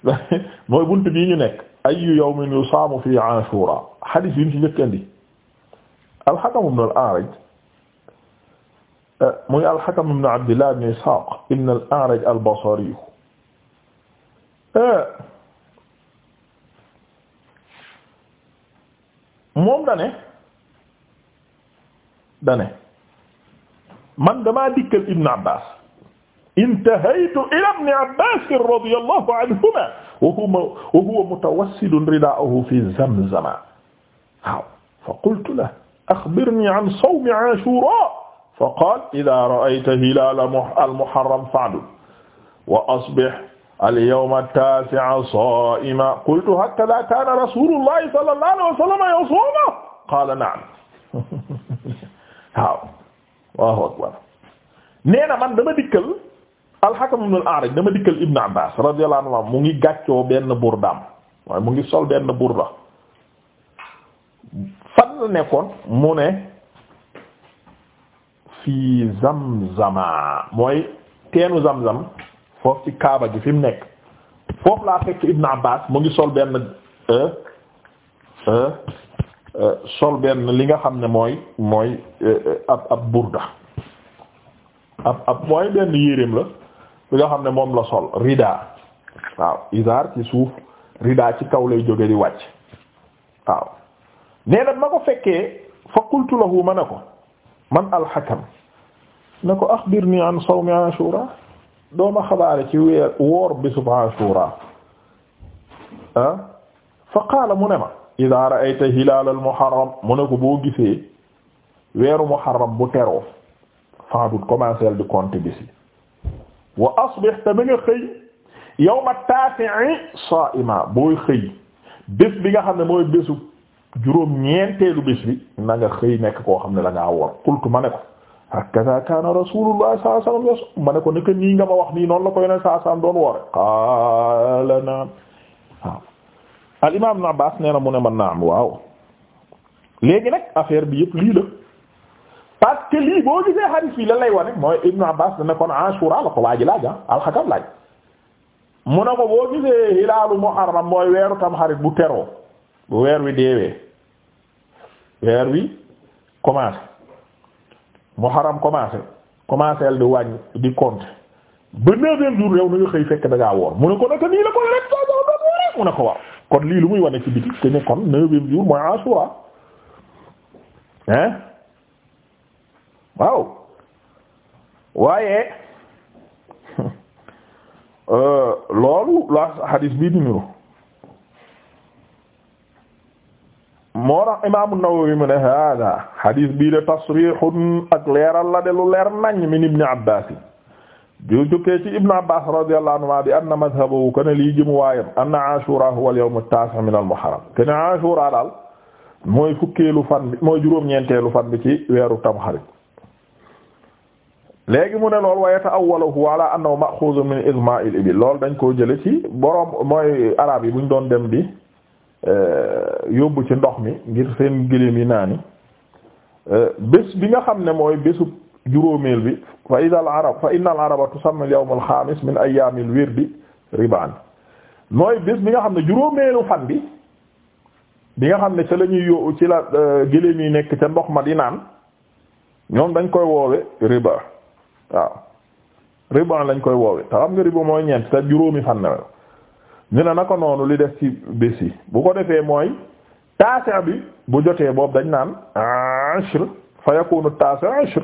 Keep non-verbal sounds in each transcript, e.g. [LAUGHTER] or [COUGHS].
[LAUGHS] mooy buntu bii ñu nekk ayyu yawmin yusaamu fi ashura hadith yi ñu ci njëkkandi al-Hakam ibn araj eh, muy al-Hakam ibn Abdillah ibn Ishaq ibn araj al-Basri eh, moom dane dane man damaa dikkal Ibn Abbas intahaytu ila ibni abbasin radiyallahu anhuma wa huwa wa huwa mutawassilun ridaahu fi zamzama waaw fa qultu lahu axbirni an sawmi ashura fa qaala idaa ra'ayta hilaala al-muharram fa'dud wa asbih al-yawma at-taasi'a saa'iman qultu hakadaa kaana rasuulullahi sallallahu alayhi wa sallam yasuumu qaala na'am [LAUGHS] waaw Allahu akbar nee na man dama dikkal al-Hakam ibn al-A'raj dama dikkal Ibn Abbas radiyallahu anhu mu ngi gàccoo benn burdaam waaye mu ngi sol benn burda fan la nekkoon mu ne fii Zamzama mooy teenu Zamzam foofu ci Kaaba gi fi mu nekk foofu laa fekk Ibn Abbas mu ngi sol benn euh, euh, euh, sol benn li nga xam ne mooy mooy ab ab burda ab ab mooy benn yéreem la. bi nga xam ne moom la sol rida waaw izar ci suuf rida ci kaw lay jóge di wàcc waaw nee na ma ko fekkee fa qultu lahu ma ne ko man alxakam ne ko axbirni an sawmi ashura dooma xabaare ci weer woor bisub ashura ah? fa qaala mu ne ma ida ra'ayta hilaal al muharram mu ne ko boo gisee weeru muharram bu teroo fadut commencé di compter bisi wa asbih te na nga xëy ma taasi'i saa'ima booy xëy bés bi nga xam ne mooy bésu juróom ñeenteelu bés bi na nga xëy nekk koo xam ne da ngaa wor qultu ma ne ko hakaza kaana rasulullah sallallahu alayhi wasallam ma ne ko ne que nii nga ma wax nii noonu la ko yoneen saa sallam doon woore qaala naam waaw al imam ibn abbas nee na mu ne ma naam waaw léegi nag affaire bi yëpp lii la parce que lii boo gisee hadith bi lan lay wane mooy Ibn Abbas dana kon Ashura la ko waa ji laaj ah alxakam laaj mu ne ko boo gisee hilaalu muharram mooy weeru tamxarit bu teroo bu weer wi deewee weer wi commencé muharram commencé commencé al di wàññ di compte ba neuvième jour yow na ko naka ko rek soo doon doon wooree mu ne ko waaw kon lii lu muy wane ci biti te ne kon neuvième jour mooy Ashura hein waaw waaye [LAUGHS] euh, loolu la hadis bii di niru moo tax imaamu Nawawi mu ne hada hadis bii de tasrihun ak leeral la de lu leer nañ min ibni abbas yi ju jukkee ci ibnu abbas radiyallahu anhuma bi anna madhabahu kana lii jëm waayam anna ashura huwa al yawm at-tasi' min al muharram kana ashura daal mooy fukkeelu fan bi mooy juróom-ñeenteelu fan bi ci weeru tamxarit léegi mu ne lool waaye ta awwaluhu ala annahu ma'khuzun min izma'il bi lool dañ koo jële ci boroom mooy arab yi buñ doon dem di euh, yóbbu ci ndox mi ngir seen gëléem yi naani euh, bés bi nga xam ne mooy bésu juróomeel bi fa idal arab fa innal araba tusammi al yawm al xaamis min ayyaamil wirdi ribaan mooy bés bi nga xam ne juróomeelu fan bi bi nga xam ne ci la ñuy yóbbu ci la gëléem yi nekk ca ndox ma di naan ñoom dañ koy woowe riba waaw riba lañ koy woowe te xam nga riba mooy ñeent te juróomi fan na ñu ne naka noonu li def ci bés yi bu ko defee mooy taasi' bi bu jotee boobu dañ naan ashr fa yakunu taasi'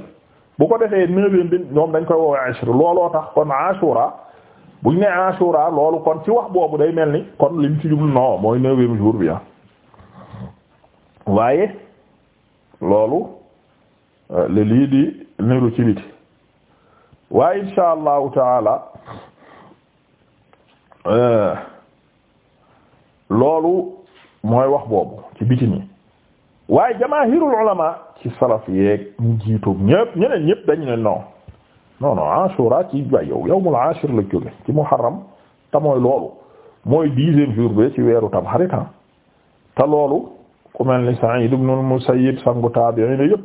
bu ko defee neuvième bi ñoom dañ koy woowe ashr looloo tax kon ashura buñ ne ashura loolu kon ci wax boobu day mel ni kon lim ci jublu non mooy neuvième jour bi ah waaye loolu euh, li lii di niru ci biti waaye insha allahu taala eh, loolu mooy wax boobu ci biti nii waaye jamaahirul ulama ci salaf yeeg ñu jiitoog ñëpp ñeneen ñëpp dañu ne non non non ashura ci bay yow yawmul ashir la jóge ci muharram te mooy loolu mooy dixième jour bi ci weeru tam xaritan ah. te loolu ku mel ni Sa'id ibn al-Musayyib sangu tabi'in yëpp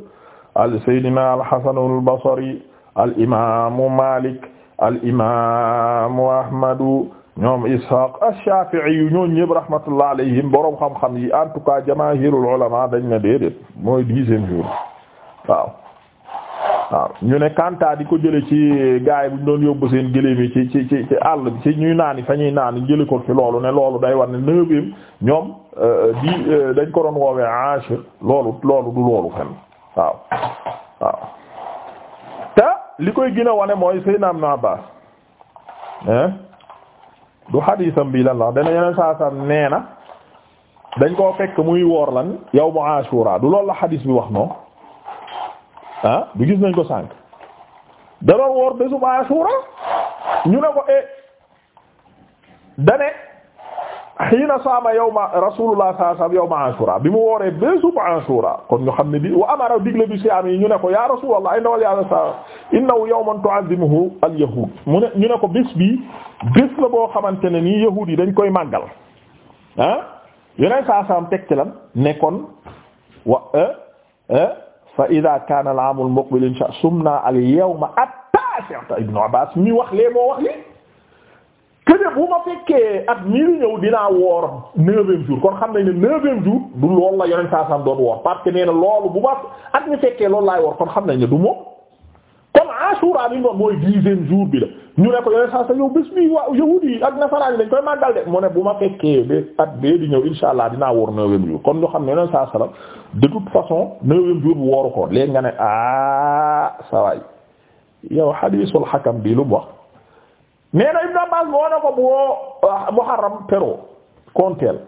al sayyidina al-Hasan al al imaamu Malik al imaamu Ahmadu ñoom Ishaq ash-Shafi'i ñooñu ñëpp rahmatullah alayhim borom xam-xam yi en tout cas jamaahirul dañ ne déedéet mooy dixième jour waaw. waaw ñu ne Kanta di ko jële ci gaay bu ñu doon yóbbu seen gëléem yi ci ci ci àll bi ci ñuy naan naani fa ñuy naan naani jële ko ci loolu ne loolu day war ne neuvième ñoom euh, euh, di euh, dañ ko doon woowee ashir loolu loolu du loolu fenn waaw waaw. li koy gën a wane mooy Seydina Ibn Abbas du xadiisam bi lan la dana yeneen saa saa nee na dañ koo fekk muy woor lan yawmu Ashura du lool la xadiis bi wax noonu ah du gis nañ ko sànq da woor bésu Ashura ñu ne ko e dane xiina saama yawma rasulullah sallallahu alayhi wasallam yawma ashura bi mu wooree bésub ashura kon ñu xam ne bi wa amara digle bi siyaam yi ñu ne ko ya rasulullah ay ndawal yàlla sa innahu yawman tu'azzimuhu al yahud mu ne ñu ne ko bés bi bés la boo xamante ne nii yahuud yi dañ koy màggal ah yeneen saa saam teg ci lan nekkoon wa eh, eh, fa ida kaana al aamul muqbil sumna al yawma at-tasi'a ibnu abbas mi wax lee moo wax li que ne bu ma fekkee at mii di ñëw dinaa woor neuvième jour kon xam nañ ne neuvième jour du loolu la yeneen saa sam doon woor parce que nee na loolu bu ma at mi fekkee loolu laay woor kon xam nañ ne du moom kon Ashura bi ñu doon mooy dixième jour bi la ñu ne ko yeneen saa sam yow bés bi waa yi ak nasaraan yi dañ koy màggal de mu ne bu ma fekkee ba at bee di ñëw insha allah dinaa woor neuvième jour kon ñu xam ne yeneen saa sam de toute façon neuvième ko léegi nga ne ah saa waay yow hadiisul lu mu nee na Ibn Abbas woo na ah, ko boo Muharram pero konteel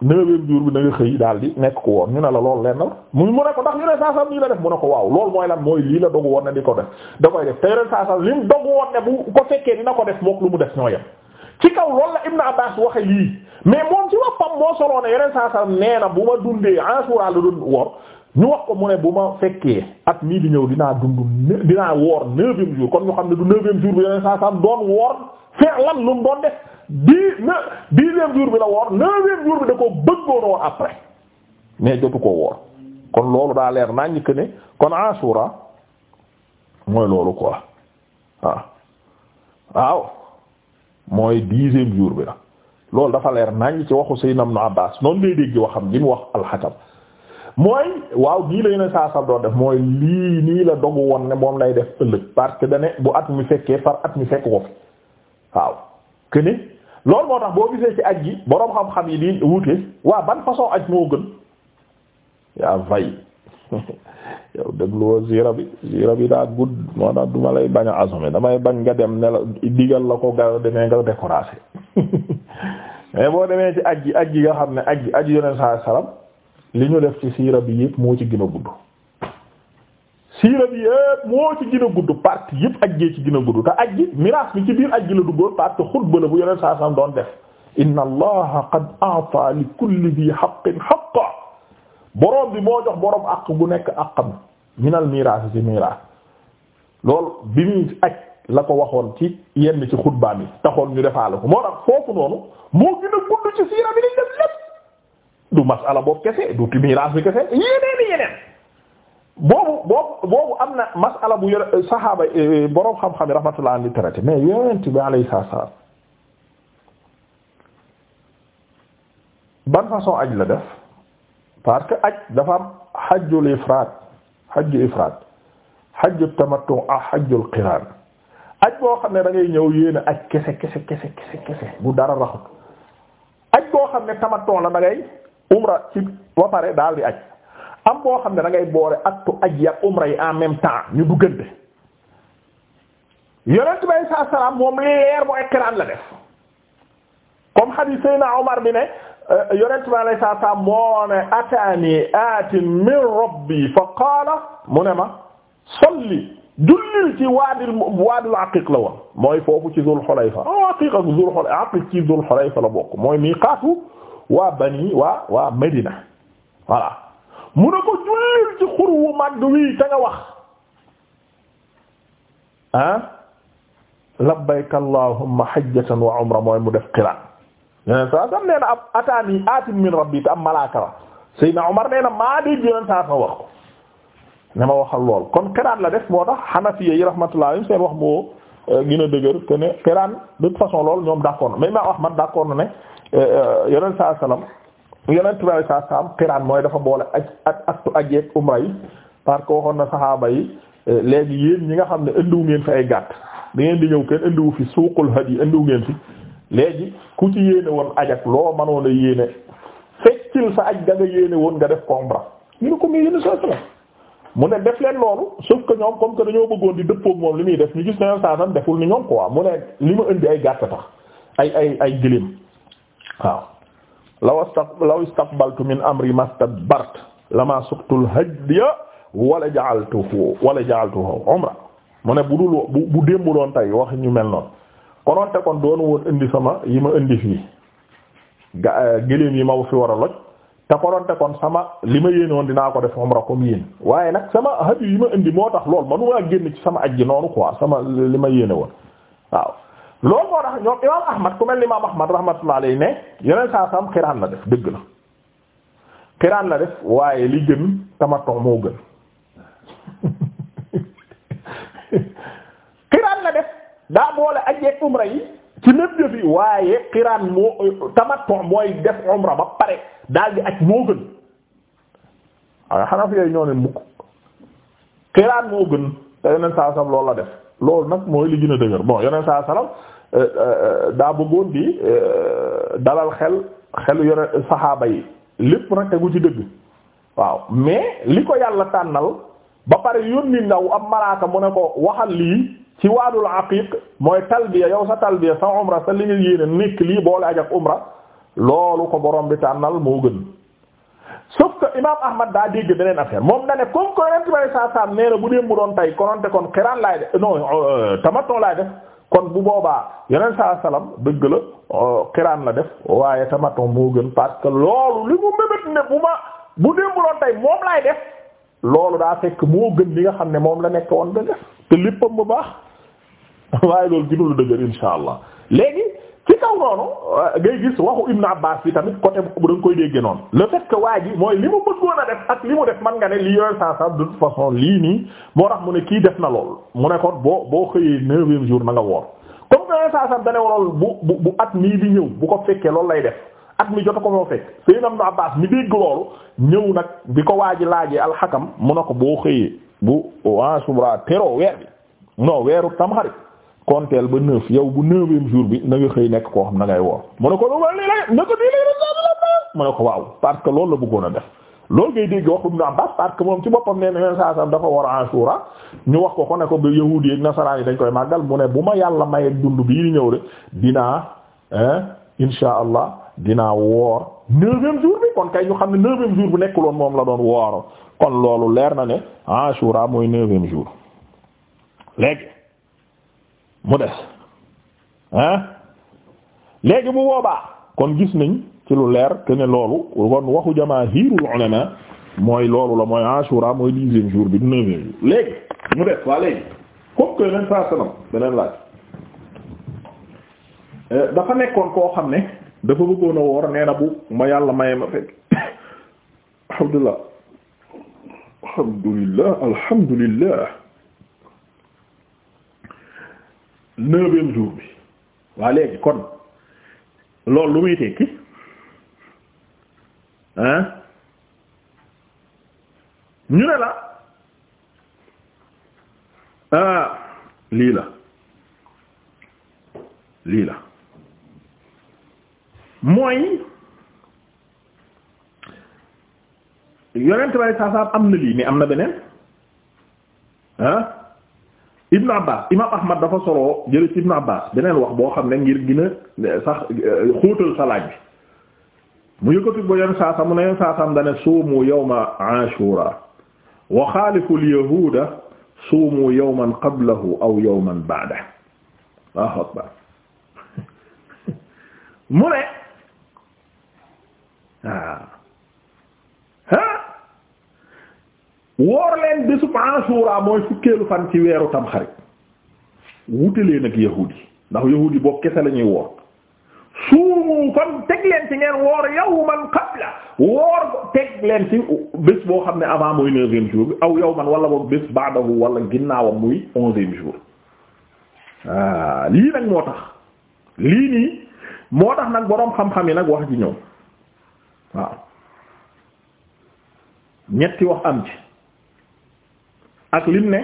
neuvième jour bi na nga xëy daal di nekk ko woon ñu ne la loolu lenn la mu mu ne ko ndax ñu ne saasam lii la def mu ne ko waaw loolu mooy lan mooy lii la dogu woon ne di ko def da koy def te yoneen saasam li mu dogu woon ne bu ko fekkee dina ko def mook lu mu def ñoo yem ci kaw loolu la Ibn Abbas waxe lii mais moom ci boppam moo soloone yoneen saasam nee na bu ma dundee en suura la wor ñu wax ko mu ne bu ma fekkee at mii di ñëw dinaa dund dinaa woor neuvième jour kon ñu xam ne du neuvième jour bi yeneen saa saam doon woor fee lan lu mu doon def dix ne jour bi la woor neuvième jour bi ko bëggoon loolu daa leer naa ñi ne kon Ashura mooy loolu quoi waaw waaw bi la loolu dafa leer naa ñi ci waxu Sayyidina Ibn Abbas noonu ngay dégg waxam li mu wax al mooy waaw lii la ñu ne saa saa doo def mooy lii nii la dogu woon ne moom lay def ëllëg parce que dane bu at mu fekkee par at mi fekk ko fi waaw que ni moo tax boo gisee ci aj gi boroom xam-xam yi di wuute waa ban façon aj moo gën yaa vay [LAUGHS] yow dégluwoo ziira bi ziira bi daa gudd moo tax duma lay bañ a asomé damay bañ nga dem ne la digal la ko ga demee nga découragé [LAUGHS] mais boo demee ci aj gi aj gi nga xam ne aj gi aj yoneen saa salaam li ñu def ci siira bi yëpp moo ci gën a gudd siira bi yëpp moo ci gën gudd partie yëpp aj gee ci gën gudd te aj gi miraas bi ci biir aj gi la duggoon parce que xutba la bu yoneen saa sam doon def inna allaha qad a'ta li kulli bi haqqin haqqa boroom bi moo jox boroom àq bu nekk àqam minal miraas ci miraas loolu bi muy aj la ko waxoon ci yenn ci xutbaa mi taxoon ñu defaale ko moo tax foofu noonu moo gën gudd ci siira bi lañ def lépp du masala boobu kese du miraas bi kese yeneen yeneen boobu boobu boobu am na masala bu yore euh, saxaaba euh, boroom xam-xam yi rahmatullah alayhi traité mais yonent bi alayhi salaam ban façon aj la def parce que aj dafa am hajjul ifraad hajju ifraad hajju tamattu ak ah, hajjul qiraan aj boo xam ne da ñëw yéen a aj kese kese kese kese bu dara raxut aj boo xam ne tamattu la da umra ci ba pare daal di aj am boo xam ne da ngay boore attu aj yak umra yi en même temps ñu duggante yonent bay saa salaam moom li leer bu écran la def comme hadith sayna Omar bi ne euh, yonent bi alay salaam moo ne ataani aatin min rabbi fa qaala mu ne ma salli jullil ci waadil waadil aqiq la mooy foofu ci Zul Xulayfa aqiq aqiq ci Zul Xulayfa la bokk mooy miiqaatu waa bani waa waa Medina voilà mu ne ko jullil ci xur wu màgg wii ta nga wax ah labbayka allahumma hajjatan wa umra ab ataani atin min rabbi te am malaaka la Seydina Omar nee maa dégg yeneen saa sam wax ko ne ma waxal lool kon qiraan la def moo tax Hanafiya yi rahmatullahi seen wax moo euh, gën a dëgër que ne qiraan façon lool ñoom d'accord na mais Imam Ahmad d'accord na ne yonent saa salaam yonent tubaab saa mooy dafa boole ak ak aktu aj yeeg umra yi parce que waxoon na saxaaba yi léegi yéen ñi nga xam ne indiwu ngeen fi ay gàtt da ngeen di ñëw kenn indiwu fi suuqul yi indiwu ngeen fi léegi ku ci yéene woon aj ak loo mënoon a yéene feccil sa aj da yéene woon nga def ko umra ñu ne ko muy mu ne def leen loolu sauf que ñoom comme que dañoo bëggoon di dëppoog moom li muy def ñu gis ne saa saam deful ni ñoom quoi mu li ma indi ay gàtt tax ay ay ay gëléem waaw law sta law istaqbaltu min amri mastadbart lama suqtul hadiya wala ja'altuhu wala ja'altuhu umra mu ne bu dul bu bu doon tey wax ñu mel noonu konoon te kon doon woon indi sama yi ma indi fii ga eh, gëléem yi ma fi war a loj te konoon te kon sama li ma woon dinaa ko def umra comme yéen waaye nag sama haj yi ma indi moo tax lool manuma génn ci sama aj ji noonu quoi sama li ma yéene woon waaw loolu moo tax ñoom imaam Ahmad ku mel ni imaam Ahmad rahmatullah alayhi ne yeneen saa sam xiraan la def dëgg la xiraan la def waaye li gën tamattu moo gën [LAUGHS] xiraan la def daa boole aj ak umra yi ci népp jëf yi waaye xiraan moo tamattu mooy def umra ba pare daal di aj moo gën waaye xanaa fi yooyu ñoo ne mukk xiraan moo gën te yeneen saa sam la def loolu nag mooy li gën a dëgër bon yoneen saa salaam euh, euh, daa bëggoon di euh, dalal xel xelu yone saxaaba yi lépp nag tegu ci dëgg waaw mais li ko yàlla tànnal ba pare yónni ndaw am malaaka mu ne ko waxal lii ci waadul aqiq mooy talbiya yow sa talbiya sa umra sa li nga yéene nekk lii boole ak umra loolu ko borom bi tànnal moo gën sauf que imam ahmad daa dégg beneen affaire moom da ne comme que yonent bi sallallahu alayhi wasallam nee bu dee mu doon tay kononte kon xiraan laay def non euh, tamaton laay def kon bu boobaa yeneen sallallahu alayhi dëgg la euh, xiraan la def waaye tamaton moo gën parce que loolu li mu mébét ne bu ma bu dee mu doon tay moom laay def loolu daa fekk moo gën li nga xam ne moom la nekk woon da def te léppam bu baax [LAUGHS] waaye loolu gënul dëgër insha allah léegi ci kaw noonu euh, ngay gis waxu Ibn Abbas bi tamit côté bu da nga koy dégg noonu le fait que waa ji mooy li mu bëggoon def ak li mu def man nga ne li yooyu saa saa de toute façon lii nii moo tax mu ne kii def na lool mu ne kon boo boo xëyee neuvième jour na nga woor comme que yooyu saa saa da ne bu bu at mii di ñëw bu ko fekkee loolu lay def at mi jot ko moo fekk Seydina Ibn Abbas mi dégg loolu ñëw nag bi ko waa ji laajee alxakam mu ne ko boo xëyee bu waa subra tero weer bi non weeru tamxarit konteel ba neuf yow bu neuvième jour bi na xëy nekk koo xam na ngay woor mu ne ko duma la ne ko waaw parce que loolu la bëggoon a def loolu ngay dégg wax Ibn parce que moom ci boppam nee war Ashura ñu wax ko ko ne ko ba yahuud yi ak yi dañ koy màggal mu ne bu ma yàlla mayee dund bii di ñëw de dinaa insha allah dinaa woor neuvième xam ne neuvième jour bu moom la doon wooro kon loolu leer na ne Ashura ah, mooy neuvième jour léegi mu des ah léegi bu boobaa kon gis nañ ci lu leer que loolu kon waxu jamaahirul ulama mooy loolu la mooy ashura mooy dixième jour bi neuvième jour léegi mu des waa léegi comme que leen saa sanam beneen laaj euh, dafa nekkoon koo xam ne dafa bëggoon a woor nee na bu ma yàlla maye ma fekk [COUGHS] alhamdulillah alhamdulillah neuvième jour bi waa léegi kon loolu lu muy tekki hein ñu ne la ah lii la lii la mooy yonent bay saasaam am na lii mais am na beneen ah Ibn Abbas Imam Ahmad dafa soloo jële Ibn Abbas beneen wax boo xam ne ngir gën a sax euh, xóotal sa laaj bi mu yëkkati ba yenn saasam mu ne yenn saasam dane suumu yawma ashura wa xaalifu al suumu yawman qablahu aw yawman ba'dahu [LAUGHS] mu ne ah woor leen bésu Ashura mooy fukkeelu fan ci weeru tamxarit wute leen ak yahuudi ndax yahuudi boobu kese lañuy ñuy woor suumu kon teg leen ci ngeen woor yawman qabla woor teg leen ci bés boo xam ne avant muy neuvième jour bi aw yawman wala boog bés ba'dahu wala ginnaawam muy onzième jour ah, lii nag moo tax lii nii moo tax nag boroom xam-xam yi nag wax ji ñëw waaw ñetti wax am ci. ak lim ne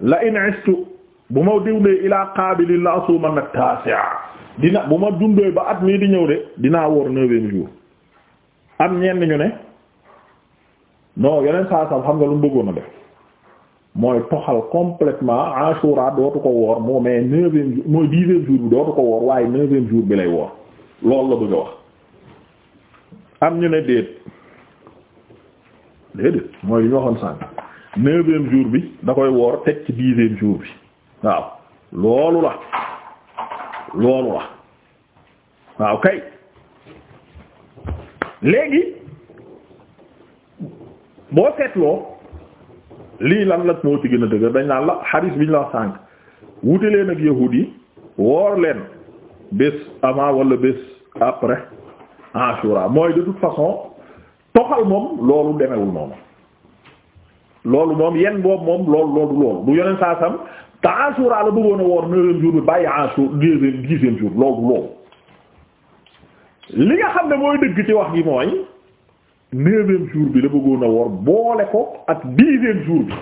la in istu bu ma diwlee ilaa qaabilin la asuuman nag taasi'a dina bu ma dundee ba at mii di ñëw de dinaa woor neuvième jour am ñenn ñu ne non yeneen saa saam xam nga lu mu bëggoon a def mooy toxal complètement ashura dootu ko woor moo mais neuvième jour mooy dixième jour bi dootu ko woor waaye neuvième jour bi lay woor loolu la bëgg a wax am ñu ne déet déedéet mooy li ñu waxoon sànq neuvième jour bi da koy woor teg ci dixième jour bi waaw loolu la loolu la waaw kay léegi boo seetloo lii lan la moo ci gën a dañ naan la xadiis bi la wax sànq wute leen ak yahuud yi woor leen bés avant wala bés après Ashura mooy de toute façon toxal moom loolu demewul noonu loolu moom yen boobu moom loolu loolu loolu du yoneen saa sam te asura la bëggoon a woor jour bi bàyyi asur deuxième jour loolu loolu li nga xam ne mooy dëgg ci wax gi mooy neuvième jour bi la bëggoon a boole ko ak dixième jour bi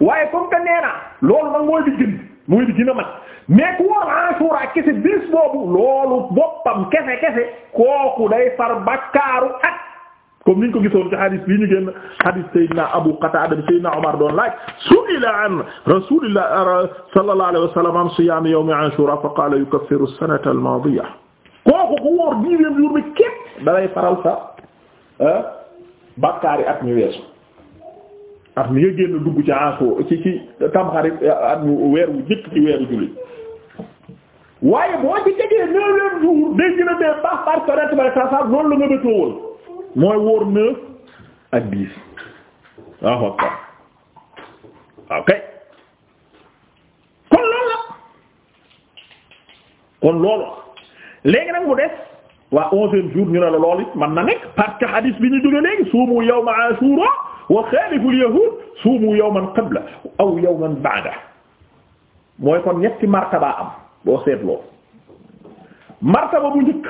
waaye comme que nee na loolu nag mooy di mooy di a mat mais ku woor asura kese bis boobu loolu boppam kese kese kooku day far bakkaaru ak comme niñ ko gisoon ci hadith bi ñu génn hadith Seydina Abu Qatada Seydina Omar doon laaj su'ila an rasulillah sallallahu alayhi wa sallam an siyam yawm ashura fa qala yukaffiru as-sanata al-madiya kooku ku wóor dixième jour bi képp dalay faral sa ah, bakkaari at mi weesu at mi nga génn dugg ci anso ci ci tamxarit at mu weer wu jëkk ci weeru jullit waaye boo ci tegee neuvième jour day gën a dee baax par correct ba sa sa noonu la nga bëtoo woon mooy wóor neuf ak dix waaw ok ok kon loolu la kon loolu léegi nag mu des waa onzième jour ñu ne la loolu it man na nekk parce que hadith bi ñu jóge léegi suumu yawma ashura wa xaalifu al-yahuud suumu yawman qabla aw yawman ba'da mooy kon ñetti martaba am boo seetloo martaba bu njëkk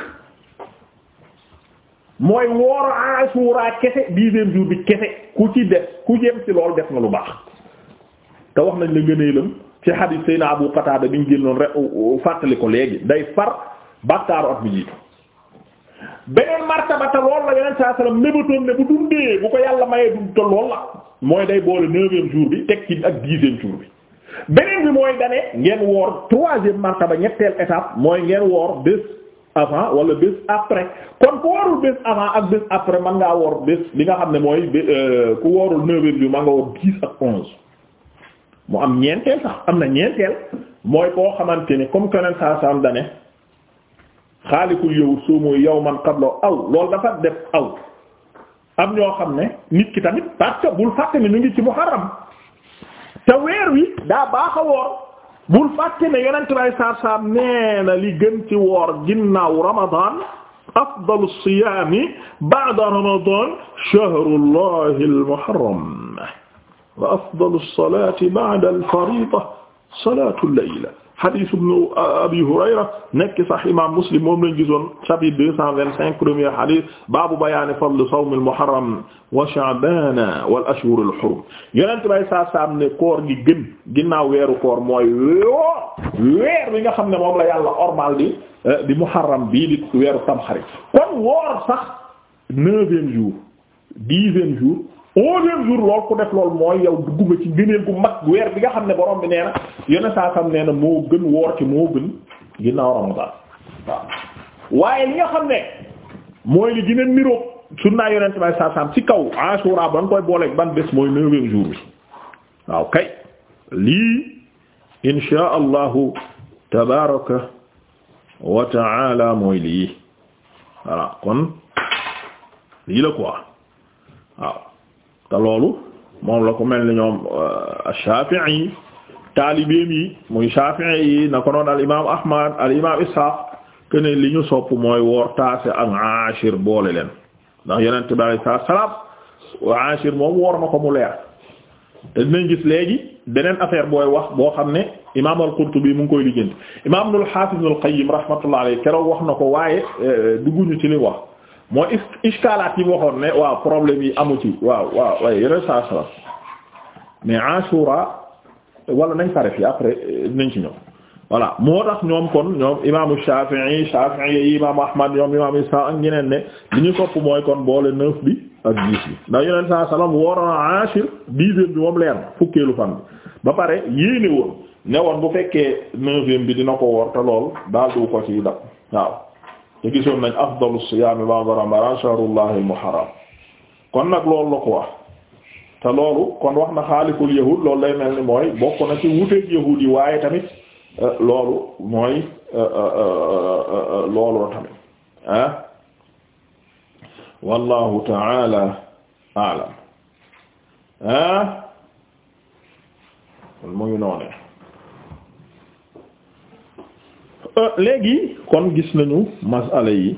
mooy woor Ashura kese dixième jour bi kese ku ci def ku jëm ci lool def nga lu baax te wax nañ la ngëneelam ci hadith Seyna Abu Qatada bi ñu génnoon rek fàttali ko léegi day far bàkkaaru at bi jiitu beneen martaba te loolu la yeneen saa salaam mébatoon ne bu dundee bu ko yàlla mayee dund te loolu la mooy day boole neuvième jour bi teg ci ak dixième jour bi beneen bi mooy dane ngeen woor troisième martaba ñetteel étape mooy ngeen woor bés avant wala bés après kon ku woorul bés avant ak bés après man ngaa wor bés li nga xam ne mooy euh, ku woorul neuf heures bi man nga woor dix ak onze mu am ñeenteel sax am na ñeenteel mooy koo xamante ni comme keneen saa saam dane xaalikul yow soomo yawman qabla aw loolu dafa def aw am ñoo xam ne nit ki tamit parce bul fàtte ni ñu ngi ci muharram te weer wi daa baax a woor bul fàtte ne yonent bay saar saar nee na li gën ci woor ginnaaw ramadan afdalu siyaami ba'da ramadan shahrullahi al-muharram wa afdalu salaati ba'da al-fariida salaatu al-layl hadith ibn euh, abi hurayra nekk sax imam muslim moom lañ gisoon chapitre deux cent vingt cinq premier hadith baabu bayaani fadl sawm al muharram wa sha'ban wal ashhur al hurum yonent bay saa saam ne koor gi gën ginnaaw weeru koor mooy woo weer bi nga xam ne moom la yàlla ormal di euh, di muharram bii di weeru tamxarit kon woor sax neuvième jour dixième jour onzième jour lool ku def lool mooy yow dugg nga ci gëneel gu mag weer bi nga xam ne borom bi nee yone saa sam moo gën woor ci moo gën ginnaaw ramadan waaw waaye li nga xam ne mooy li gën a niroog sunna yonent bay saa ci kaw ashura ban koy booleeg ban bés mooy neuvième jour bi waaw kay lii insha allahu tabaraka wa taala mooy lii voilà kon lii la quoi waaw te loolu moom la ko mel ni ñoom euh, Shafi'i taalibeem yi muy Shafi'i yi na ko noon al imaam Ahmad al imaam Ishaq kene li ñu sopp mooy woor taase ak ashir boole leen ndax yonent bi alayhi salaam ashir moom woor na ko mu leer te dinañ gis léegi beneen affaire booy wax boo xam ne imaam al-Qurtubi mu ngi koy lijjanti imaam al-Hafiz al-Qayyim rahmatullah alayhi keroog wax na ko waaye euh, dugguñu ci li wax mooy iskalaat yi waxoon ne waaw problème yi amu ci waaw waaw waaye yeneen saa sala mais Ashura wala nañ pare fii après euh, nañ ci ñëw voilà moo tax ñoom kon ñoom imaamu Shafi'i Shafi'i yi imaamu Ahmad ñoom imaamu Isa ak ñeneen ne li ñu topp mooy kon boole neuf bi ak dix bi ndax yeneen saa sala mu waroon a Ashir dixième bi moom leer fukkeelu fan bi ba pare yéene woon ne woon bu fekkee neuvième bi dina ko wor te lool daal du ko ciy dab waaw. te gisoon nañ afdalu siyaami ba'da ramadaan shahrullahi kon nag loolu la wax te loolu kon wax na xaaliful yahud lool lay mel ni mooy bokk na ci wuteeg yahud yi waaye tamit euh, loolu mooy euh, euh, loolu la tamit ah wallahu ta'ala a'lam ah kon mu Euh, léegi kon gis nañu masala yi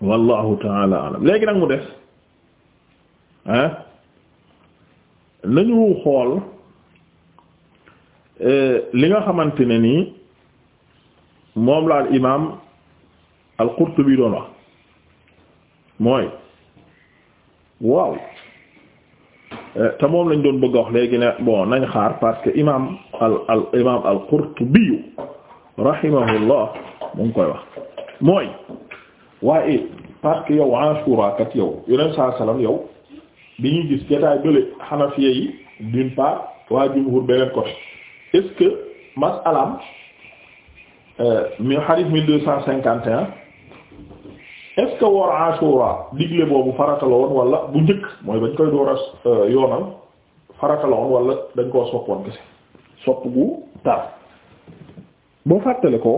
wallahu taala alam léegi nag mu des ah nañu xool euh, li nga xamante ne nii moom la imaam al Qurtubi doon wax mooy waaw euh, te moom lañ doon bëgg a wax léegi ne bon nañ xaar parce que imaam al al imaam al Qurtubi rahimahullah mu ngi koy wax mooy waaye parce que yow Ashura kat yow yeneen saa salaam yow bi ñuy gis jotaay bële Hanafiya yi d'une part waa jumhur beneen côté est-ce que mas'alaam euh, digle boobu farata la woon wala bu njëkk mooy bañ koy door euh, yoonal farata la woon wala dañ koo soppoon kese sopp gu tar boo fàttale ko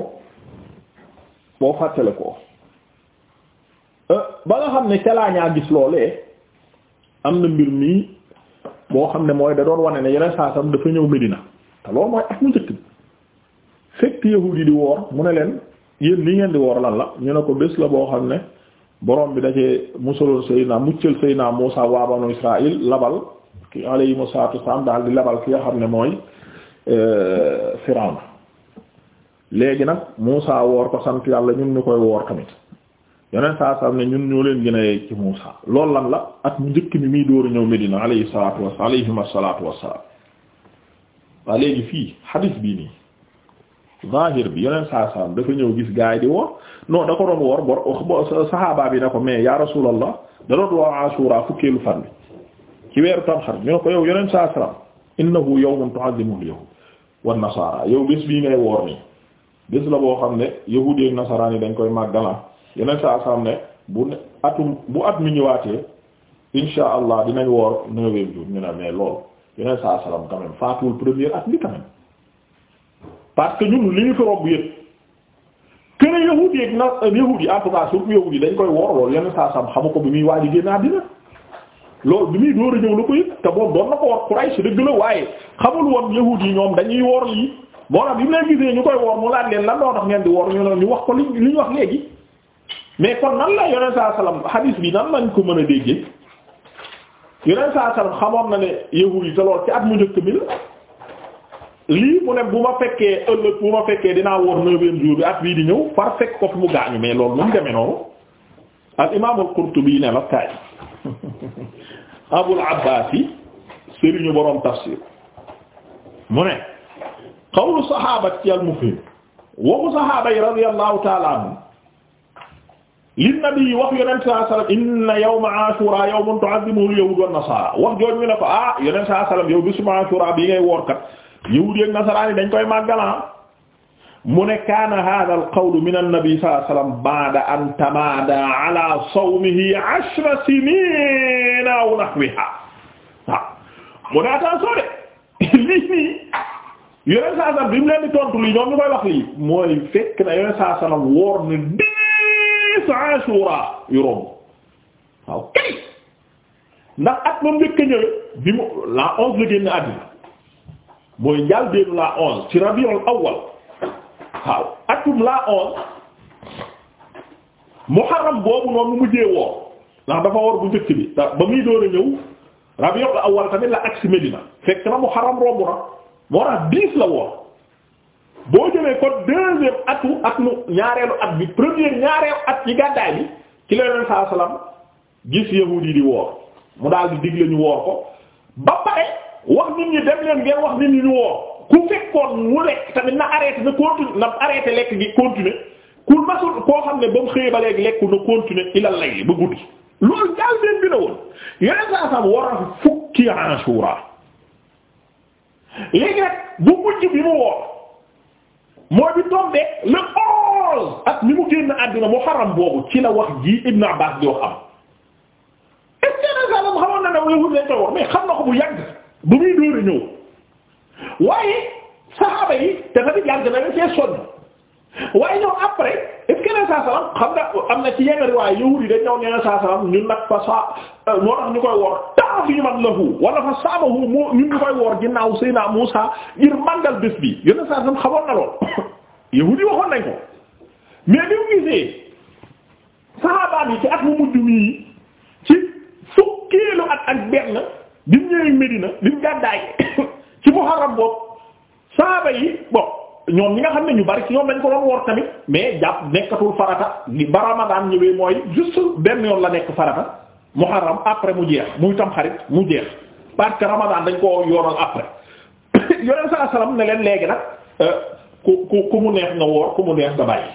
boo fàttale ko euh, ba nga xam ne ca laa ñaa gis loolee am na mbir mii moo xam ne mooy da doon wane ne yeneen saa sam dafa ñëw Medina te loolu mooy ak mu njëkk fekk yahuud yi di woor mu ne leen yéen li ngeen di woor lan la ñu ne ko bés la boo xam ne borom bi da cee musaloon Seydina muccal Seydina naa waa banu Israël labal ki alayhi salaatu wa daal di labal ki nga xam ne mooy euh, Firawna léegi nag Muusa woor ko sant yàlla ñun ñu koy woor tamit yeneen saa saa ne ñun ñoo leen gën a yegg ci Muusa loolu lan la at mu njëkk mi muy dóoru ñëw Medina alayhi salaatu wa alayhim waa léegi fii hadith bii nii zahir bi yeneen saa saa dafa ñëw gis gaay di woor non da ko doon woor bor saxaaba bi na ko mais ya Rasuulallah da doon woor Ashura fukkeelu fan bi ci weeru Tamxarit ñu ne ko yow yeneen saa salaam innahu yawmun tu'azzimuhu al-yahuud wan-nasaara yow bés bii bés la boo xam ne yahudi ak nasaraan yi dañ koy màggala yeneen saa saam ne bu ne atum bu at mi ñëwaatee insha allah dinañ woor ne mais yeneen saa salaam quand faatuwul premier at mi quand même que ñun li ñu fi robb yëpp que ne yahudi ak na yahudi en tout cas surtout yahudi dañ koy woor loolu yeneen saa saam xamu ko bi muy waaj a génn àddina bi muy door a ñëw la ko yëg te boobu doon na ko war Quraysh dëgg la waaye xamul woon yahudi yi ñoom dañuy woor lii. moo tax bi mu leen gisee ñu koy woor mu laaj leen lan loo tax ngeen di woor ñu ne ñu wax ko li ñu wax léegi mais kon nan la yoneen saa salaam hadith bi nan lañ ko mën a déggee yoneen saa salaam xamoon na ne yahuud yi te lool ci at mu njëkk mi la lii mu ne bu ma fekkee ëllëg bu ma fekkee dinaa woor neuvième jour bi at bii di ñëw par fekk ko fi mu gaañu mais loolu mu demee noonu al imaam al Qurtubi ne la kaay [LAUGHS] Abul Abbaas yi sëriñu boroom tafsir mu ne xawlu saxaabati al mufhim waxu saxaaba yi radiyallahu ta'ala anhum li nabi wax yonent saa salaam inna yawma ashura yawmun tu'azzimuhu al-yahud wan nasara wax jooju ñu ne ko ah yonent saa salaam yow bisu ashura bii ngay woor kat yahud ak nasaraan yi dañ koy màggal ah. mu ne kaana hadha al-qawlu min an-nabi sallallahu alayhi wa sallam ba'da an tamaada ala sawmihi ashra siniina aw nahwiha mu ne attention de [LAUGHS] lii nii yoneen saa sallam bi mu leen tontu lii ñoom ñu koy wax lii mooy fekk na yoneen saa sallam woor na dix Ashura yu romb waaw kay ndax at moom njëkk a ñëwee bi mu la onze la génn àddina mooy njaal déenu la onze ci Rabiul Awwal waaw atum la onze Muharram boobu noonu mujjee woor ndax dafa woor bu njëkk bi ba muy door a ñëw Rabiul Awwal tamit la agsi Medina fekk na Muharram romb na moo tax dix la woon boo jëlee kon deuxième atu at nu ñaareelu at bi première ñaareelu at yi gàddaay bi ci la leen saa salaam gis yahuudi di woor mu daal di digle ñu woor ko ba pare wax nit ñi dem leen ngeen wax nit ñi ñu woor ku fekkoon mu lekk tamit na arrêté na continue na arrêté lekk gi continuer ku masul koo xam ne ba mu xëyee ba léegi lekku na continuer ilal lay ba guddi loolu daal leen bi na woon yeneen saa salaam war a fukki Ashura léegi nag bu mujj bi mu woor mooy bi tombé le onze ak ni mu génn àddina muharram boobu ci la wax ji Ibn Abbas di wax am est ce que na ne wala wut lañ koy xam na ko bu yàgg bu muy dóor a waaye saxaaba yi te tamit yàgg na nga see sonn. waaye ñoom après est-ce que xam nga am na ci yenn riwaay yahuud yi dañ ñëw yeneen saa salaam ñun nag fa saa euh, moo tax ñu koy woor taa suñu man lahu wala fa saamahu moo ñun ñu koy woor ginnaaw Seydina Muusaa ngir màngal bés bi yeneen saa salaam xamoon na lool [COUGHS] yahuud yi waxoon nañ ko mais bi mu gisee saxaabaan yi ci at mu mujj mii ci fukkeelu at ak benn bi mu ñëwee Medina bi mu gàddaay [COUGHS] ci Muharram bopp saxaaba yi bopp. ñoom ñi nga xam ne ñu bari ci ñoom dañ ko doon woor tamit mais jàpp nekkatul farata li ba Ramadan ñëwee mooy juste benn yoon la nekk farata muharram après mu jeex muy tam xarit mu jeex parce que Ramadan dañ ko yoonal après yoneen sa asalam ne leen léegi nag euh, ku ku ku mu neex nga woor ku mu neex nga bàyyi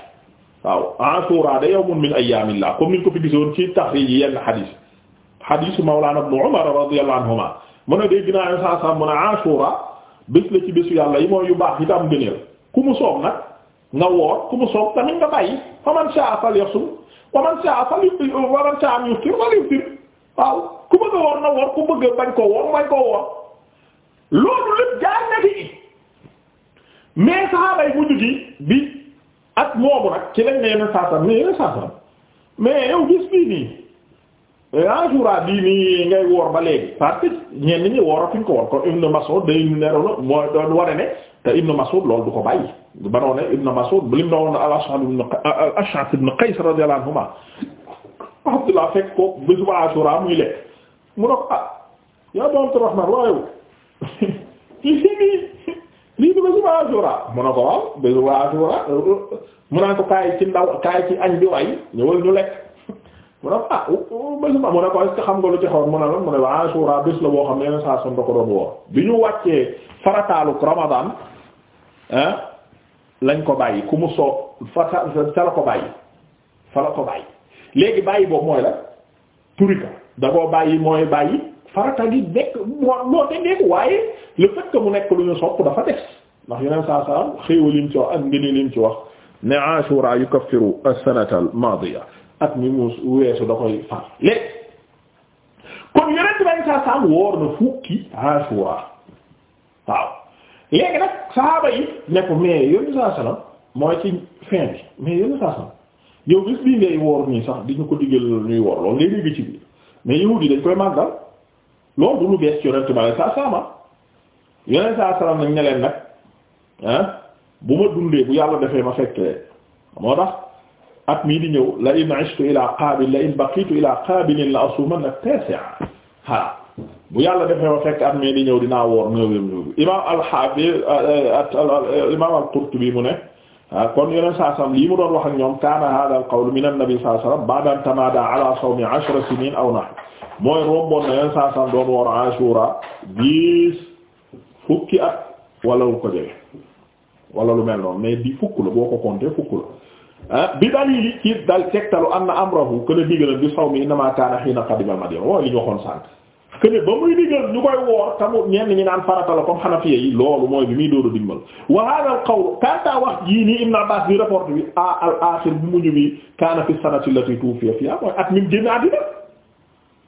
waaw asura da yawmun min ayyamillah comme niñ ko fi gisoon ci taxrij yi yenn xadiis xadiisu mawlana ibn umar radiyallahu anhuma mu ne dégg naa yoneen sa asalam mu ne asura bés la ci bésu yàlla yi mooy yu baax yi tam gëneel ku mu soob nag nga woor ku mu soob tamit nga bàyyi faman saa falyasum waman saa fal waman saa am yuftir fal yuftir waaw ku bëgg a woor na woor ku bëgg bañ ko woor bañ ko woor loolu lépp jaar na fi mais saxaaba yi mujj gi bi ak moomu nag ci lañ ne yeneen saasam mais yeneen saasam mais yow gis bii nii enjoura bii nii ngay woor ba léegi parce que ñenn ñi woor a fi ñu ko woor kon Ibn Mas'ud day neroon mooy doon ware ne te Ibn Mas'ud loolu du ko bàyyi banoo ne Ibn Mas'ud lim na woon al-Ash'ath ibn Qays radiyallahu anhuma Abdullah fekk ko bésu Ashura muy lekk mu ne ko ah yaa Abaa Abdurrahmaan waaye [LAUGHS] lii nii [LAUGHS] lii du bésu Ashura mu ne ko waaw bésu Ashura mu naan ko kaay ci ndaw kaay ci añ bi waay ñëwal ñu lekk [LAUGHS] mu ne ko ah bésu mu ne ko est-ce que xam nga lu ci xawoon mu ne la mu ne Ashura bés la boo xam ne yeneen saa son da ko doon woor bi ñu wàccee farataalu Ramadan lañ ko bàyyi ku mu soob fa sa la ko bàyyi fa la ko bàyyi léegi bàyyi boobu mooy la turika da bàyyi mooy bàyyi farata gi nekk moo moo dendeeku waaye le fait mu nekk lu ñu sopp dafa des ndax yeneen saa saa xéewal lim ci wax ak ngëneel lim ci wax ne ashura yukaffiru far léegi kon yeneen saa saa woor na fukki ashura waaw léegi nag saxaaba yi ne ko mais yónni saa salaam mooy ci fin bi mais yónni saa salaam yow bis bii ngay woor nii sax di ñu ko digal ñuy woor loolu ngay dégg ci biir mais yahuud yi dañ koy màggal loolu du lu bees ci yonent bi sallallahu alayhi wasallam yonent saa nag ne nag ah bu ma dundee bu yàlla defee ma fekkee moo tax at mii di ñëw la in ishtu ila qaabil la in baqitu ila qaabilin la asuumanna tasi'a bu yàlla defee ba fekk at mii di ñëw dinaa woor neuvième jour bi imaam al-Hafiz imaam al-Qurtubi mu ne ah, kon yeneen saa sallam lii mu doon wax ak ñoom kaana hada al qawl min an-nabi sallallahu alayhi wasallam ba'da an ashra sinin aw nahu mooy romboon na yeneen saa doon woor ashura dix fukki at wala lu ko jege wala lu mel noonu mais di fukk la boo ko compter fukk la ah, bi dalili ci dal tegtalu anna amrahu que le bi sawmi innama kaana hina qadima al-madina wooy li ñu que ne ba muy digal ñu koy woor tamu ñenn ñi naan farata la comme xanafiya yi loolu mooy bi muy dóoru digmal wa hada al qawl kanta wax jii nii Ibn Abbas bi rapport bi a al axir bu mujj bi kaana fi sanati allati tuufiya fiha mooy at mim génn àddina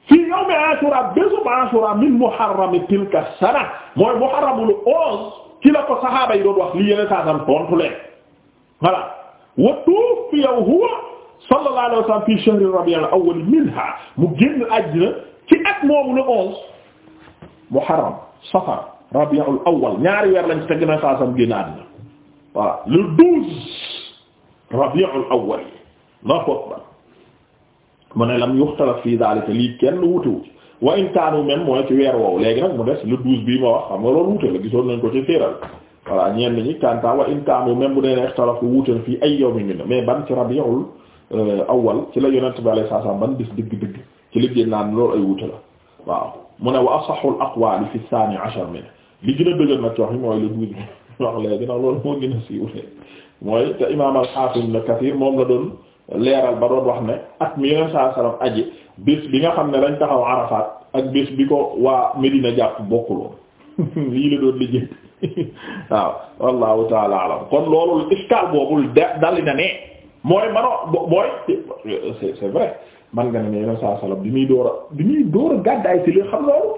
fii yawmi ashura bésub ashura min muharram tilka sana mooy muharramul onze ci la ko sahaaba yi doon wax li yeneen saa san tontu leen voilà wa tuufiya huwa sallallahu alayhi wa sallam fi shahri rabi'il awwal minha mu génn àddina ci at moomu le onze muharram safar rabiul awwal ñaari weer lañ ci teg na saa sam génn àddina voilà le douze rabiul awwal Allahu akbar mu ne lam yuxtalaf fii daalika lii kenn wutewu ci wa in kaanu même mooy weer woowu léegi nag mu des le douze bii ma wax xam nga loolu wute la gisoon nañ ko ci téeral voilà ñeen ñi kanta wa in kaanu même bu dee ne ixtalafu wuute fii ay yawmin mais ban ci rabiul euh, awwal ci la yonent bi sallallahu alayhi wasallam ban bis dëgg-dëgg ci liggéey naan loolu ay wute waaw mu ne wa asahul aqwaali fi saani ashar min li gën a dëgër nag wax yi mooy la [LAUGHS] duuj wax léegi nag loolu moo gën a siiw mooy te imaam al moom la doon leeral ba wax ne at mi bi nga xam ne lañ taxaw Arafat ak bés bi ko waa Medina jàpp bokkuloon [LAUGHS] lii la doon liggéey [LAUGHS] waaw wallahu taala alam kon loolu iskaal boobul da ne mooy mano mooy c'est vrai man nga ne ne yeneen saa salaam bi muy door a bi muy door a gàddaay si léegi xam loolu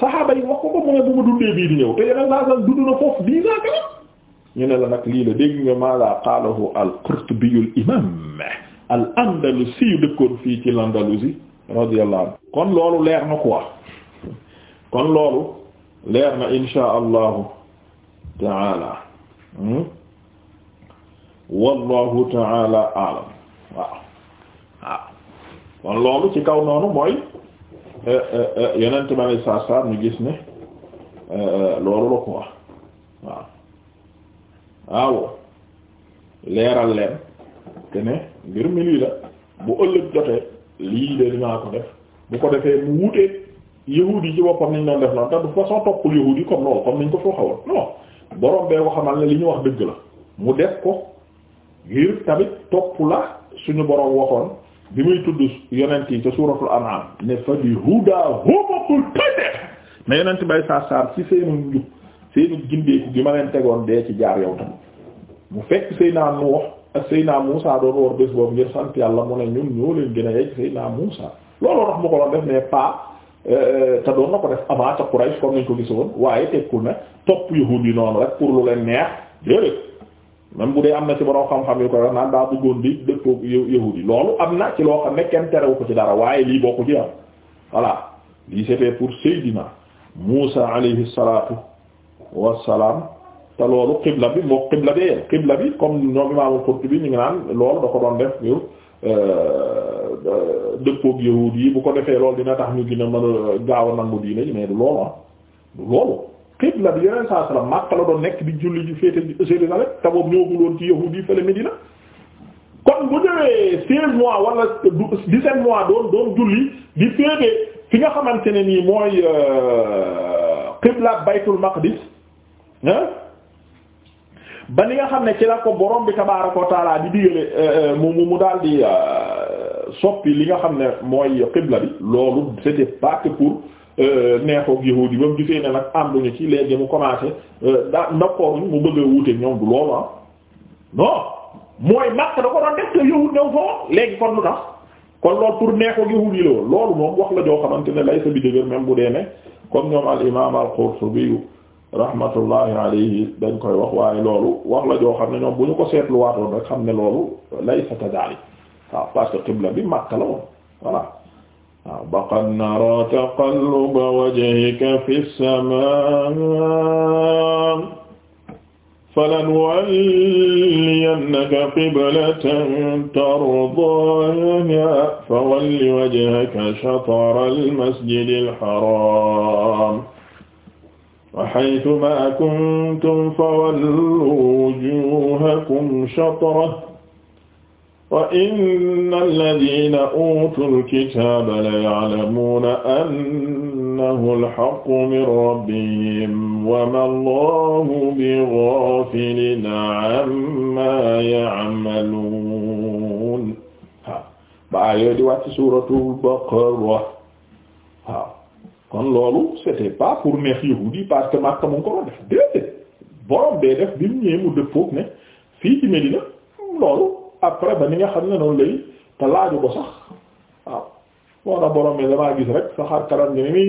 saxaaba yi wax ko ko mu ne bu ma dundee bii di ñëw te yeneen saa salaam dund na foofu dix ans kanam ñu ne la nag lii la dégg nga maala qaalahu al-Qurtubi al-imam al yu dëkkoon fii ci l'Andalousie radiyallahu anhu kon loolu leer na quoi kon loolu leer na insha allahu taala hmm? wallahu taala alam waaw kon loolu ci kaw noonu mooy yeneen ci bari saa saa ñu gis ni euh, euh, loolu la ko wax waaw waaw leeral leen te ne mbir mi lii la bu ëllëg jotee lii de dinaa ko def bu ko defee mu wutee yahuud yi ci boppam niñ doon def noonu te du façon toppul yahuud ko comme loolu comme niñ ko foo xawoon non borom bee ko xamal ne li ñu wax dëgg la mu def ko ngir tamit topp la suñu borom waxoon bi muy tudd yonent yi ca suuratul an'am ne fa bi hudaahumul tëddee ne yonent bay saar saar ci seenu njub seenu gindeeku gi ma leen tegoon dee ci jaar yow tamit mu fekk Seydina Nuux ak Seydina Muusa doon woor bés boobu ngir sant yàlla mu ne ñun ñoo leen gën a yegg Seydina Muusa looloo tax mu ko doon def mais pas euh, te doon na ko def avant ca Quraysh comme nañ ko gisoon waaye tekkul ne topp yahuud yi noonu rek pour lu leen neex déedéet même bu dee am na ci borom xam-xam yu ko wax naan daa bëggoon di dëppoo yahudi yi loolu am na ci loo xam ne kenn terewu ko ci dara waaye lii bokku ci am voilà lii c'était pour Seydina Muusa alayhi salaatu wassalaam te loolu xibla bi moo xibla bi xibla bi comme ñoom Imaam Qurtubi ñu ngi naan loolu da ko doon def ngir euh, euh, dëppoog yahudi yi bu ko defee loolu dina tax ñu gën a mën gaaw a nangu diine mais loolu ah loolu xibla bi yeneen saa salaam Makka la doon nekk di julli ji féete Jérusalem te boobu ñëwagul woon ci yahuud yi fële Medina kon bu ñëwee seize mois wala dix-sept mois doon doon julli di féete fi nga xamante ne nii mooy xibla euh, Baytul Maqdis ba li nga xam ne ci la ko borom bi tabaaraka wa taala di digale euh, euh, mu mu mu daal di soppi li nga xam ne mooy xibla bi loolu c'était pas pour. Euh, neexoog yahuudi ba mu gisee ne nag ànduñu ci léegi mu commencé euh, daa ndakkooruñ mu bëgg a wuute ñoom du loolu ah non mooy màkk da ko doon def te yahuud new foo léegi kon lu tax kon loolu pour neexoog yahuudi yi la woon loolu moom wax la joo xamante ne lay bi dëgër même bu dee ne comme ñoom al imaam al Qurtubi rahmatullahi alayhi dañ koy wax waaye loolu wax la joo xam ne ñoom bu ñu ko seetluwaatoon rek xam ne loolu lay sa kadalik que qibla bi màkk la waaw baqad nara taqalluba wajhika fi samaa فلنولينك قبلة ترضاها فول وجهك شطر المسجد الحرام وحيثما كنتم فولوا وجوهكم شطره wa inna alladina utul kitaaba la ya'lamuuna annahu alhaqqu min rabbihim wa ma allahu bighafilin amma ya'maluun waaw ba yooyu di wàcc suuratul Baqara waaw kon loolu c'était pas pour neex yahuudi parce que Makka mu ngi ko def déedéet borom bee def bi mu ñëwee mu dëppook ne fii ci Medina loolu. après ba ni nga xam ne noonu lay te laaju ko sax waaw moo tax borom bi damaa gis rek sa kanam gi ni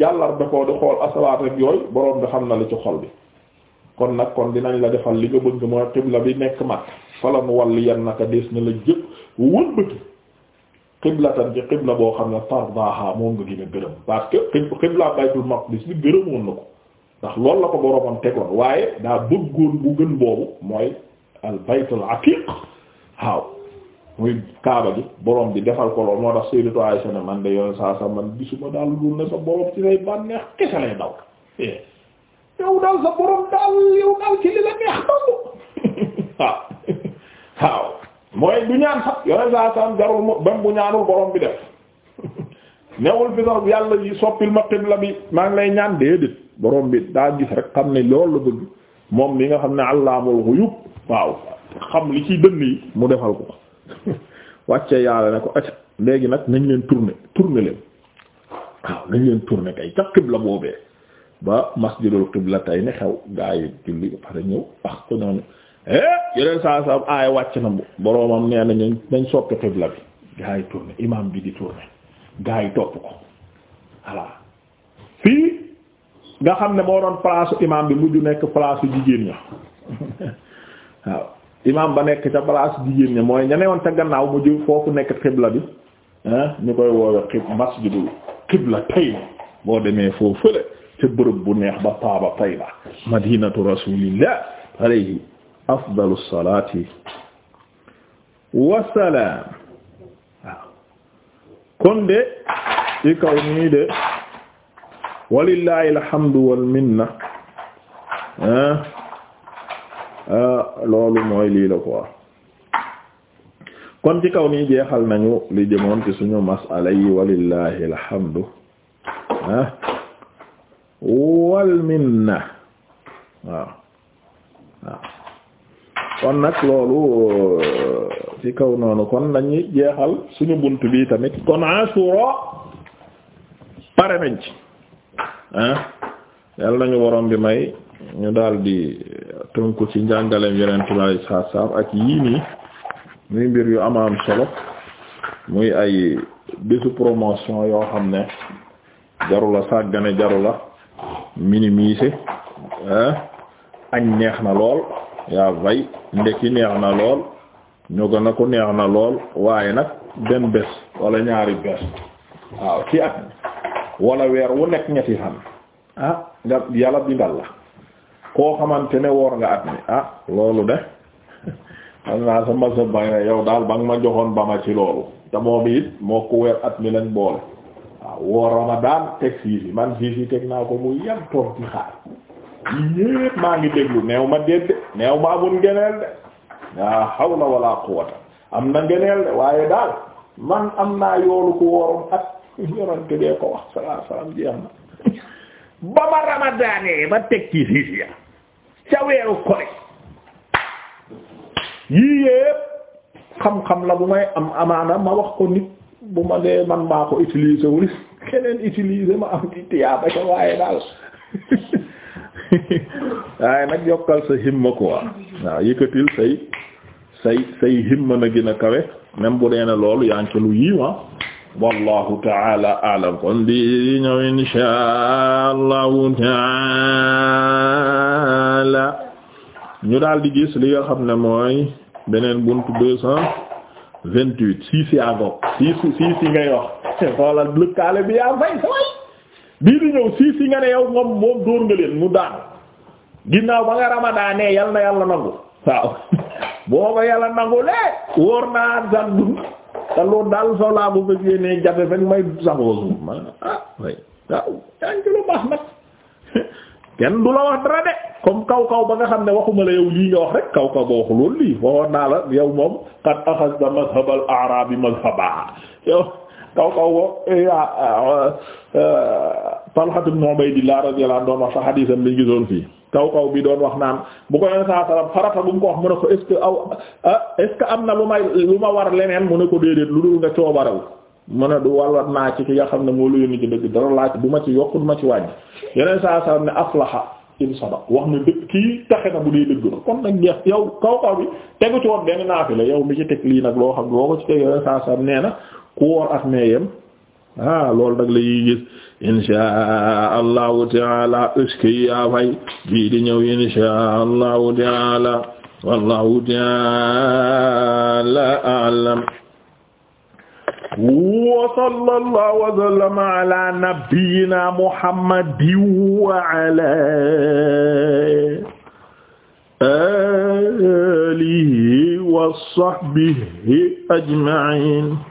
jàllar bi ko di xool asalaat rek yooyu borom bi xam na la ci xol bi kon nag kon dinañ la defal li nga bëgg mooy xibla bi nekk mag falan walli yan naka des na la jëpp wëlbati xiblatan ci xibla boo xam ne tardaha moom nga gën a gërëm parce que xibla baytul maqdis bi gërëmoon na ko ndax lool la ko boromam tegoon waaye daa bëggoon bu gën boobu mooy waaw muy kaaba gi borom bi defal ko lool moo tax Sayyidatu Aisha ne man de yoon saa sa man gisuma daal lu dul ne sa borom ci say bànneex kese lay daw eh. yow daal sa borom daal yow daal ci li la neex dong [LAUGHS] waaw waaw mooy du ñaan sax yone saa sam jarul mu bam bu ñaanul borom bi def [LAUGHS] newul fi sax yàlla yi soppil ma xibla bi maa ngi lay ñaan déedéet borom bi daa gis rek xam ne loolu bëgg moom mi nga xam ne allaamul xuyub waaw xam li ci dënn yi mu defal ko [LAUGHS] wàcce yàlla ne ko acca léegi nag nañ leen tourner tourner leen waaw nañ leen tourner kay ca xibla boobee ba masjidul xibla tay ni xew gaa yi julli pare ñëw wax ko noonu eh yeneen saa saa aaya wàcc na boroomam nee nañ nañ soppi xibla bi gaa yi tourner imam bi di tourner gaa yi topp ko voilà fii nga xam ne moo doon place imam bi mujj nekk place jigéen ña [LAUGHS] waaw imaam ba nekk ca place jigéen ña mooy ña ne woon ca gannaaw mu jëm foofu nekk xibla bi ñu koy woowe masjidul xibla tayna boo demee foofu fële ca bërëb bu neex ba taaba tayna madinatu rasulillah alayhi afdalu salati wasalaam waaw kon de ci kaw nii de walillahi alhamdu wal ah Euh, loolu mooy lii la quoi kon ci kaw ni jeexal nañu li jëmoon ci suñu masala yi walillahi alhamdu ah wal minna waaw waaw kon nag loolu euh, ci kaw noonu kon nañu jeexal suñu bunt bi tamit kon Ashura pare nañ ci ah nañu borom bi may ñu daldi tënku ci njàngaleem yeneen tubaab yi saa saaf ak yii nii muy mbir yu ama am solo muy ay bésu promotion yoo xam ne jarula sàggane jarula minimiser añ neex na lool yaa vay ndekki neex na lool ñoga na ko neex na lool waaye nag benn bés wala ñaari bés waaw ci at wala weer wu nekk ñetti fan ah nga yàlla bindal la koo xamante ne woor nga at mi ah loolu de xam naa sama sa bàyyi yow daal ba nga ma joxoon ba ma ci loolu te moom it moo ko weer at mi lañ boole waaw woor Ramadan teg sii fi man sii fi teg naa ko mu yem toog ci xaar yépp maa ngi déglu neew ma dédde neew ma amul ngeneel de laa hawla wala quwwata am na ngeneel de waaye daal man am naa yoolu ku wooroon at yorante dee ko wax salaam jeex na ba ma ramadaanee ba teg ci sii fi ya ca weeru kore yii yépp xam-xam la bu may am amaana ma wax ko nit bu ma dee man maa ko utiliser wul keneen utiliser ma am ci tiyaaba ca waaye daal [LAUGHS] waaye nag yokkal sa himma quoi waaw yëkkatil say say say himma na gën a kawe même bu dee ne loolu yaa lu yiiwa ah. wallahu taala alam kon bi ñëw inshaa allahu taala ñu daal gis li nga xam ne mooy beneen bunt deux cent vingt huit sii si àggoog sii si ah, sii si ngay [LAUGHS] xoolal lëkkaale bi yaa fay saway bii di ñëw sii si nga ne yow moom moom dóor nga leen mu daan ginnaaw ba nga ramadaanee yal na yàlla nangu waaw [LAUGHS] boo ko yàlla nangu lee wóor naa dan dund te loolu daal soxlaa bu ko génnee jafe fekk may saxoo suuf ma ah way waaw yaa ngi lu baax nag [LAUGHS] kenn du la wax dara de comme kaw kaw ba nga xam ne waxuma la yow lii nga wax rek kaw kaw ba waxu loolu lii waxoon naa la yow moom qad axasta mazhabal arabi mazhaba kaw kaw ko eh, ah, ah, ah, eh, Talha ibn Ubaydillah radiyallahu anhu doon wax sa xadiisam bi gisoon fii kaw kaw bi doon wax naan bu ko yoneen saa sallam farata bu mu ko wax mu ne ko est-ce que aw est-ce que am na lu may lu ma war leneen mu ne ko déedéet lu dul nga coobarew mu ne du wàllat naa ci ki nga xam ne moo lu yónni ci dëgg dara laaj bu ma ci yokk du ma ci wàññi yeneen saa sallam ne aflaha in sada wax ne dëgg kii taxe na bu dee dëgg la kon nag jeex yow kaw kaw bi tegu ci woon benn naafi la yow mi ci teg lii nag loo xam ne boo ko ci teg yeneen saa sallam nee na ku woor at mee yem ah loolu nag la ñuy gis insha allahu taala uski yaa fay bii di ñëw insha allahu taala wallahu taala a'lam wa sallallahu wa sallama ala nabiyyina muhammadin wa ala alihi wa sahbihi ajma'in